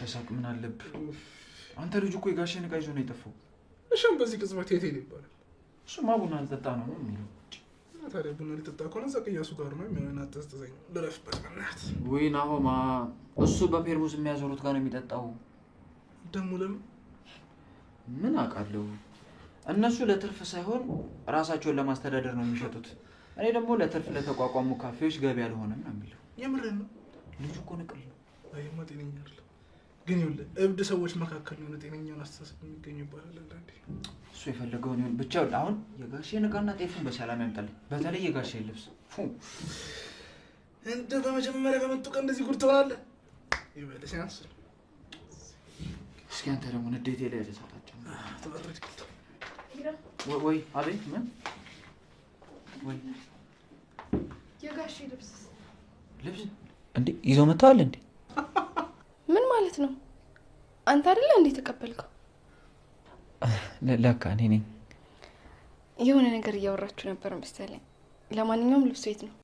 ብትሳቅ ምን አለብ? አንተ ልጅ እኮ የጋሼን ዕቃ ይዞ ነው የጠፋው። እሺም በዚህ ቅጽበት የት ሄደ ይባላል? እሱማ ቡና ልጠጣ ነው ነው የሚለው። ታዲያ ቡና ልጠጣ ከሆነ እዛ ቅያሱ ጋር ነው የሚሆን። አጠዝጥዘኝ ልረፍበት በእናትህ። ወይ ናሆማ፣ እሱ በፌርሙስ የሚያዞሩት ጋር ነው የሚጠጣው። ደሞ ለምን? ምን አውቃለሁ። እነሱ ለትርፍ ሳይሆን ራሳቸውን ለማስተዳደር ነው የሚሸጡት። እኔ ደግሞ ለትርፍ ለተቋቋሙ ካፌዎች ገቢ አልሆነም ነው የሚለው። የምር ነው ልጁ እኮ ንቅል ነው። ጤነኛ አይደለም ግን ይኸውልህ እብድ ሰዎች መካከል የሆነ ጤነኛውን አስተሳሰብ የሚገኙ ይባላል። አንዳንዴ እሱ የፈለገውን ይሁን ብቻ አሁን የጋሼ ንጋና ጤፉን በሰላም ያምጣልን። በተለይ የጋሼ ልብስ እንደ በመጀመሪያ በመጡ ቀን እንደዚህ ጉድ ትሆናለህ። ይበልህ ሲያንስ እስኪ አንተ ደግሞ ንዴቴ ላይ ተሳታቸው ወይ? አቤት ምን ወይ የጋሼ ልብስ ልብስ እንዴ ይዞ መጥተዋል እንዴ ነው? አንተ አደለ እንዴ ተቀበልከው? ለካ እኔ ነኝ። የሆነ ነገር እያወራችሁ ነበር መሰለኝ። ለማንኛውም ልብስ ቤት ነው?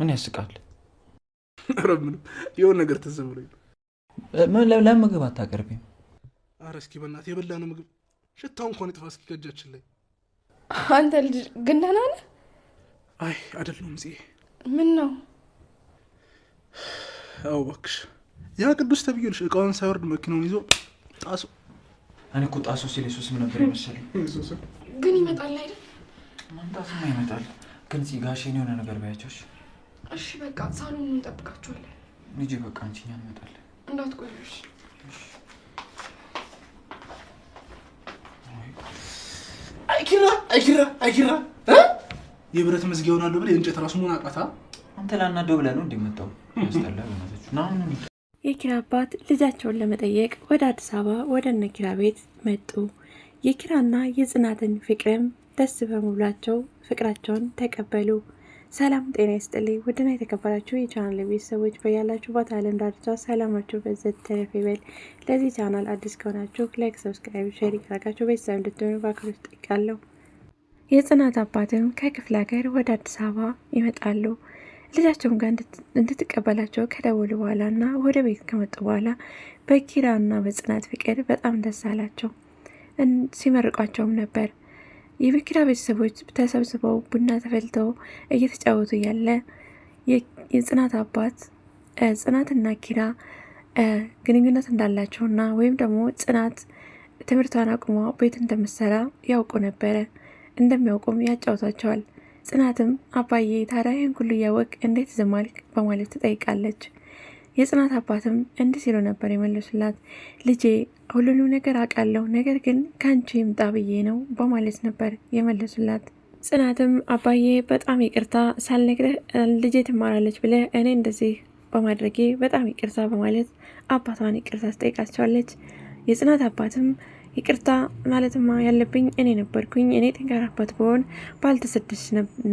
ምን ያስቃል? ኧረ ምንም፣ የሆነ ነገር ትዝ ብሎኝ። ለምን ምግብ አታቀርቢም? አረ እስኪ በእናትህ የበላነው ምግብ ሽታው እንኳን የጥፋ እስኪ ከእጃችን ላይ። አንተ ልጅ ግን ደህና ነህ? አይ አይደለሁም። ምን ነው አዎ እባክሽ፣ ያ ቅዱስ ተብዬልሽ እቃውን ሳይወርድ መኪናውን ይዞ ጣሶ። እኔ እኮ ጣሶ ሲል የሱስም ነበር የመሰለኝ። ግን ይመጣል አይደል? መምጣትማ ይመጣል። ግን ጋሼን የሆነ ነገር በያቸውሽ። እሺ በቃ ሳሎን እንጠብቃቸዋለን። ልጄ በቃ አንቺ እኛ እንመጣለን፣ እንዳትቆዩሽ። አይ አይኪራ አይኪራ ኪራ፣ የብረት መዝጊያ ሆናለሁ ብለህ የእንጨት ራሱ መሆን አቃታ አንተ ላናዶ ብለህ ነው እንደመጣው ያስጠላ ና የኪራ አባት ልጃቸውን ለመጠየቅ ወደ አዲስ አበባ ወደ እነ ኪራ ቤት መጡ። የኪራና የጽናትን ፍቅርም ደስ በመብላቸው ፍቅራቸውን ተቀበሉ። ሰላም ጤና ይስጥልኝ ውድና የተከበራችሁ የቻናል ቤተሰቦች ቦታ ዓለም ዳርቻ ሰላማችሁ በዘት ተረፍ ይበል። ለዚህ ቻናል አዲስ ከሆናችሁ ላይክ፣ ሰብስክራይብ፣ ሼር ያደረጋችሁ ቤተሰብ እንድትሆኑ በአክብሮት ውስጥ ጠይቃለሁ። የጽናት አባትም ከክፍለ ሀገር ወደ አዲስ አበባ ይመጣሉ። ልጃቸውም ጋር እንድትቀበላቸው ከደወሉ በኋላ እና ወደ ቤት ከመጡ በኋላ በኪራና በጽናት ፍቅር በጣም ደስ አላቸው። ሲመርቋቸውም ነበር። የበኪራ ቤተሰቦች ተሰብስበው ቡና ተፈልተው እየተጫወቱ ያለ የጽናት አባት ጽናትና ኪራ ግንኙነት እንዳላቸውና ወይም ደግሞ ጽናት ትምህርቷን አቁማ ቤት እንደምትሰራ ያውቁ ነበረ። እንደሚያውቁም ያጫውታቸዋል። ጽናትም አባዬ ታዲያ ይህን ሁሉ እያወቅ እንዴት ዝማልክ በማለት ትጠይቃለች። የጽናት አባትም እንዲህ ሲሉ ነበር የመለሱላት። ልጄ ሁሉንም ነገር አውቃለሁ፣ ነገር ግን ከአንቺ ይምጣ ብዬ ነው በማለት ነበር የመለሱላት። ጽናትም አባዬ በጣም ይቅርታ ሳልነግረህ ልጄ ትማራለች ብለህ እኔ እንደዚህ በማድረጌ በጣም ይቅርታ በማለት አባቷን ይቅርታ ትጠይቃቸዋለች። የጽናት አባትም ይቅርታ ማለትማ ያለብኝ እኔ ነበርኩኝ። እኔ ጠንካራ አባት በሆን ባልተሰደች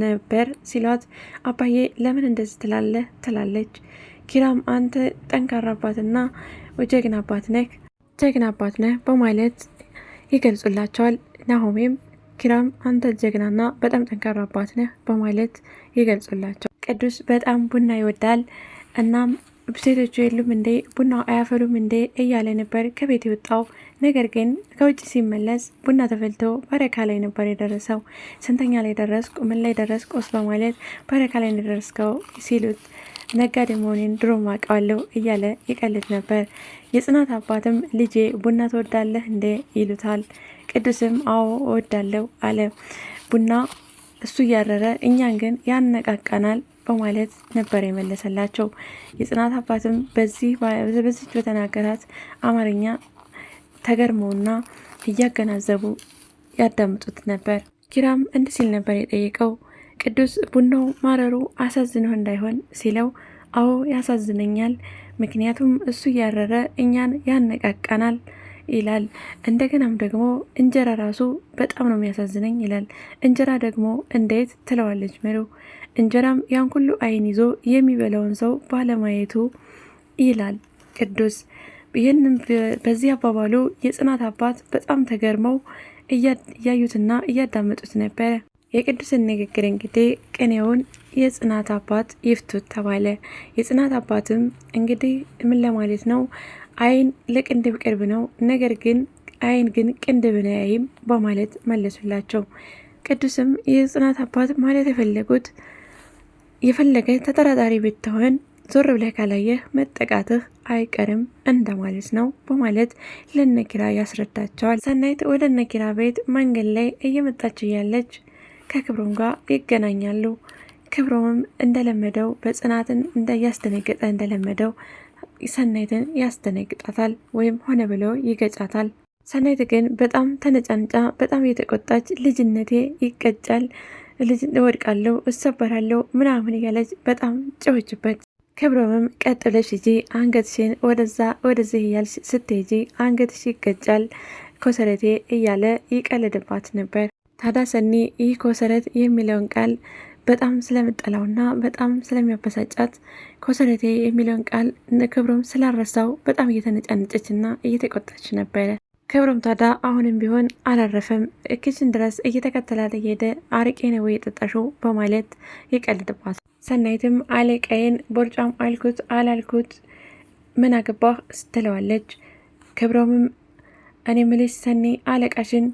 ነበር ሲሏት፣ አባዬ ለምን እንደዚህ ትላለህ ትላለች። ኪራም አንተ ጠንካራ አባትና ጀግና አባት ነህ ጀግና አባት ነህ በማለት ይገልጹላቸዋል። ናሆሜም ኪራም አንተ ጀግናና በጣም ጠንካራ አባት ነህ በማለት ይገልጹላቸዋል። ቅዱስ በጣም ቡና ይወዳል እናም ሴቶቹ የሉም እንዴ ቡና አያፈሉም እንዴ እያለ ነበር ከቤት የወጣው። ነገር ግን ከውጭ ሲመለስ ቡና ተፈልቶ በረካ ላይ ነበር የደረሰው። ስንተኛ ላይ ደረስኩ፣ ምን ላይ ደረስኩ በማለት በረካ ላይ እንደደረስከው ሲሉት ነጋዴ መሆኔን ድሮ ማውቀዋለሁ እያለ ይቀልድ ነበር። የጽናት አባትም ልጄ ቡና ትወዳለህ እንዴ ይሉታል። ቅዱስም አዎ እወዳለሁ አለ። ቡና እሱ እያረረ እኛን ግን ያነቃቃናል በማለት ነበር የመለሰላቸው። የጽናት አባትም በዚህ በዚች በተናገራት አማርኛ ተገርመውና እያገናዘቡ ያዳምጡት ነበር። ኪራም እንዲህ ሲል ነበር የጠየቀው። ቅዱስ ቡናው ማረሩ አሳዝነው እንዳይሆን ሲለው፣ አዎ ያሳዝነኛል፣ ምክንያቱም እሱ እያረረ እኛን ያነቃቃናል ይላል። እንደገናም ደግሞ እንጀራ ራሱ በጣም ነው የሚያሳዝነኝ ይላል። እንጀራ ደግሞ እንዴት ትለዋለች ምሩ እንጀራም ያን ሁሉ አይን ይዞ የሚበላውን ሰው ባለማየቱ ይላል ቅዱስ። ይህንም በዚህ አባባሉ የጽናት አባት በጣም ተገርመው እያዩትና እያዳመጡት ነበረ። የቅዱስን ንግግር እንግዲህ ቅኔውን የጽናት አባት ይፍቱት ተባለ። የጽናት አባትም እንግዲህ ምን ለማለት ነው? አይን ለቅንድብ ቅርብ ነው፣ ነገር ግን አይን ግን ቅንድብን አያይም በማለት መለሱላቸው። ቅዱስም የጽናት አባት ማለት የፈለጉት የፈለገ ተጠራጣሪ ብትሆን ዞር ብለህ ካላየህ መጠቃትህ አይቀርም እንደማለት ነው በማለት ለነኪራ ያስረዳቸዋል። ሰናይት ወደ ነኪራ ቤት መንገድ ላይ እየመጣች እያለች ከክብሮም ጋር ይገናኛሉ። ክብሮምም እንደለመደው በጽናትን እንደያስደነግጠ እንደለመደው ሰናይትን ያስደነግጣታል ወይም ሆነ ብሎ ይገጫታል። ሰናይት ግን በጣም ተነጫንጫ፣ በጣም የተቆጣች ልጅነቴ ይቀጫል ልጅ እወድቃለሁ፣ እሰበራለሁ ምናምን እያለች በጣም ጨወችበት። ክብሮምም ቀጥ ብለሽ ሂጂ አንገትሽን ወደዛ ወደዚህ እያልሽ ስትሄጂ አንገትሽ ይገጫል ኮሰረቴ እያለ ይቀልድባት ነበር። ታዳ ሰኒ ይህ ኮሰረት የሚለውን ቃል በጣም ስለምጠላውና በጣም ስለሚያበሳጫት ኮሰረቴ የሚለውን ቃል ክብሮም ስላረሳው በጣም እየተነጫነጨች እና እየተቆጣች ነበረ። ክብሩም ታዳ አሁንም ቢሆን አላረፈም። ኪችን ድረስ እየተከተላት እየሄደ አረቄ ነው የጠጣሽው በማለት ይቀልድባት። ሰናይትም አለቃዬን ቦርጫም አልኩት አላልኩት ምን አገባህ ስትለዋለች። ክብሮምም እኔ ምልሽ ሰኒ አለቃሽን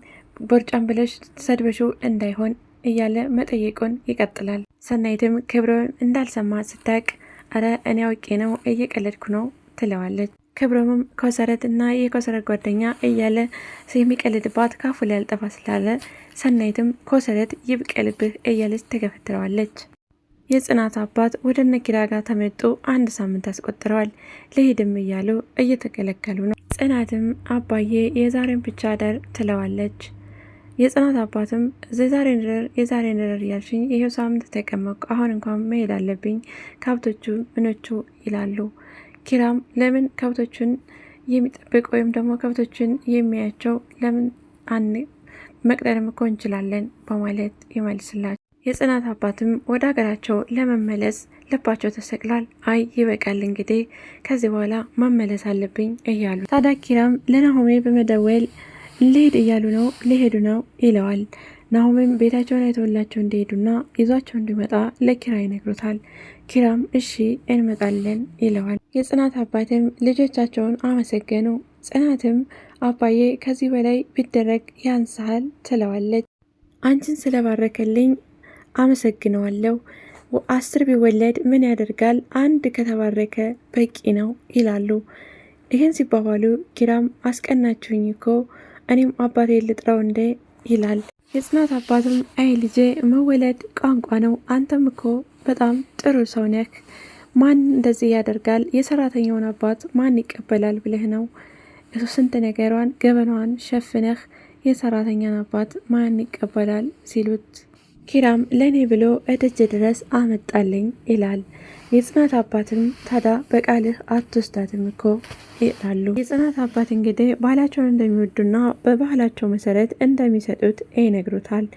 ቦርጫም ብለሽ ሰድበሽው እንዳይሆን እያለ መጠየቁን ይቀጥላል። ሰናይትም ክብሮም እንዳልሰማ ስታቅ፣ እረ እኔ አውቄ ነው እየቀለድኩ ነው ትለዋለች። ክብረም ኮሰረት እና የኮሰረት ጓደኛ እያለ የሚቀልድባት ካፉ ላይ ያልጠፋ ስላለ ሰናይትም ኮሰረት ይብቀልብህ እያለች ተገፈትረዋለች። የጽናት አባት ወደ እነ ጋር ተመጡ አንድ ሳምንት አስቆጥረዋል። ለሄድም እያሉ እየተገለገሉ ነው። ጽናትም አባዬ የዛሬን ብቻ ደር ትለዋለች። የጽናት አባትም የዛሬን ድረር የዛሬን ድረር እያልሽኝ ይሄው ሳምንት ተቀመቁ፣ አሁን እንኳን መሄድ አለብኝ ከብቶቹ ምኖቹ ይላሉ። ኪራም ለምን ከብቶችን የሚጠብቅ ወይም ደግሞ ከብቶችን የሚያቸው ለምን አን መቅጠርም እኮ እንችላለን በማለት ይመልስላቸው። የጽናት አባትም ወደ ሀገራቸው ለመመለስ ልባቸው ተሰቅሏል። አይ ይበቃል እንግዲህ ከዚህ በኋላ መመለስ አለብኝ እያሉ ታዲያ ኪራም ለናሆሜ በመደወል ልሄድ እያሉ ነው ሊሄዱ ነው ይለዋል። ናሆምም ቤታቸውን አይተውላቸው እንደሄዱና ይዟቸው እንዲመጣ ለኪራ ይነግሩታል። ኪራም እሺ እንመጣለን ይለዋል። የጽናት አባትም ልጆቻቸውን አመሰገኑ። ጽናትም አባዬ ከዚህ በላይ ቢደረግ ያንስሃል ትለዋለች። አንቺን ስለባረከልኝ አመሰግነዋለሁ። አስር ቢወለድ ምን ያደርጋል? አንድ ከተባረከ በቂ ነው ይላሉ። ይህን ሲባባሉ ኪራም አስቀናችሁኝ እኮ እኔም አባቴ ልጥረው እንዴ ይላል። የጽናት አባትም አይ ልጄ መወለድ ቋንቋ ነው። አንተም እኮ በጣም ጥሩ ሰው ነህ። ማን እንደዚህ ያደርጋል? የሰራተኛውን አባት ማን ይቀበላል ብለህ ነው እሱ ስንት ነገሯን ገበናዋን ሸፍነህ የሰራተኛን አባት ማን ይቀበላል ሲሉት ኪራም ለእኔ ብሎ እድጅ ድረስ አመጣልኝ ይላል። የጽናት አባትም ታዳ በቃልህ አትወስዳትም እኮ ይላሉ። የጽናት አባት እንግዲህ ባህላቸውን እንደሚወዱና በባህላቸው መሰረት እንደሚሰጡት ይነግሩታል።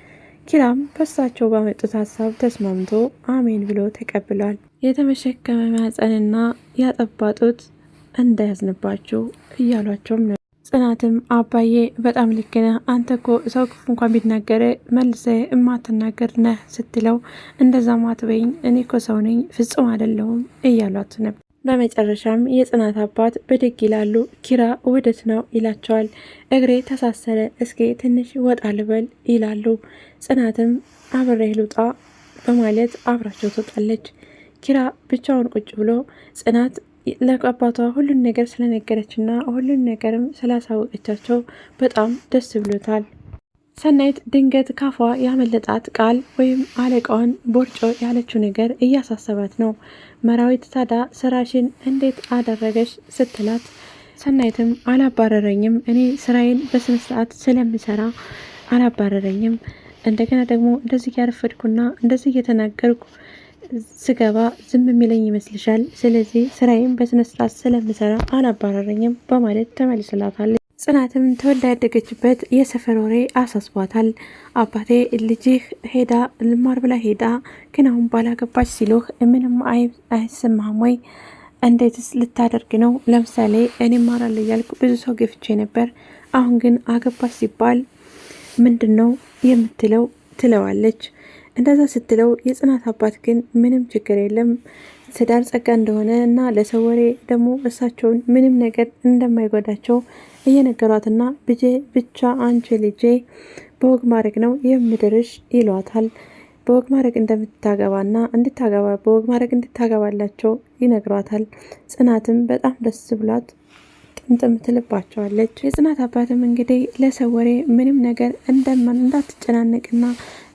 ኪራም በሳቸው ባመጡት ሀሳብ ተስማምቶ አሜን ብሎ ተቀብሏል። የተመሸከመ ማህፀንና ያጠባጡት እንዳያዝንባችሁ እያሏቸውም ነው። ጽናትም አባዬ በጣም ልክ ነህ፣ አንተ እኮ ሰው ክፉ እንኳን ቢናገር መልሰ እማትናገር ነህ ስትለው እንደዛ ማትበይኝ እኔ እኮ ሰው ነኝ ፍጹም አይደለሁም እያሏት ነበር። በመጨረሻም የጽናት አባት ብድግ ይላሉ። ኪራ ውደት ነው ይላቸዋል። እግሬ ተሳሰረ፣ እስኪ ትንሽ ወጣ ልበል ይላሉ። ጽናትም አብሬ ልውጣ በማለት አብራቸው ትወጣለች። ኪራ ብቻውን ቁጭ ብሎ ጽናት ለአባቷ ሁሉን ነገር ስለነገረችና ሁሉን ነገርም ስላሳወቀቻቸው በጣም ደስ ብሎታል። ሰናይት ድንገት ካፏ ያመለጣት ቃል ወይም አለቃዋን ቦርጮ ያለችው ነገር እያሳሰባት ነው። መራዊት ታዳ ስራሽን እንዴት አደረገች ስትላት ሰናይትም አላባረረኝም፣ እኔ ስራዬን በስነ ስርዓት ስለምሰራ አላባረረኝም። እንደገና ደግሞ እንደዚህ እያረፈድኩና እንደዚህ እየተናገርኩ ስገባ ዝም የሚለኝ ይመስልሻል? ስለዚህ ስራዬን በስነስርዓት ስለምሰራ አላባረረኝም በማለት ተመልስላታለች። ጽናትም ተወልዳ ያደገችበት የሰፈር ወሬ አሳስቧታል። አባቴ ልጅህ ሄዳ ልማር ብላ ሄዳ ግን አሁን ባላገባች ሲሉህ ምንም አይሰማህም ወይ? እንዴትስ ልታደርግ ነው? ለምሳሌ እኔ ማራለ እያልኩ ብዙ ሰው ገፍቼ ነበር። አሁን ግን አገባች ሲባል ምንድን ነው የምትለው? ትለዋለች እንደዛ ስትለው የጽናት አባት ግን ምንም ችግር የለም ትዳር ጸጋ እንደሆነ እና ለሰው ወሬ ደግሞ እሳቸውን ምንም ነገር እንደማይጎዳቸው እየነገሯትና ብጄ ብቻ አንቺ ልጄ በወግ ማድረግ ነው የምድርሽ ይሏታል። በወግ ማድረግ እንደምታገባና እንድታገባ በወግ ማድረግ እንድታገባላቸው ይነግሯታል። ጽናትም በጣም ደስ ብሏት እንትምትልባቸዋለች። የጽናት አባትም እንግዲህ ለሰው ወሬ ምንም ነገር እንደማን እንዳትጨናነቅና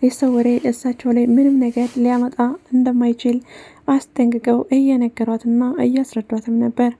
የሰው ወሬ እሳቸው ላይ ምንም ነገር ሊያመጣ እንደማይችል አስጠንቅቀው እየነገሯትና እያስረዷትም ነበር።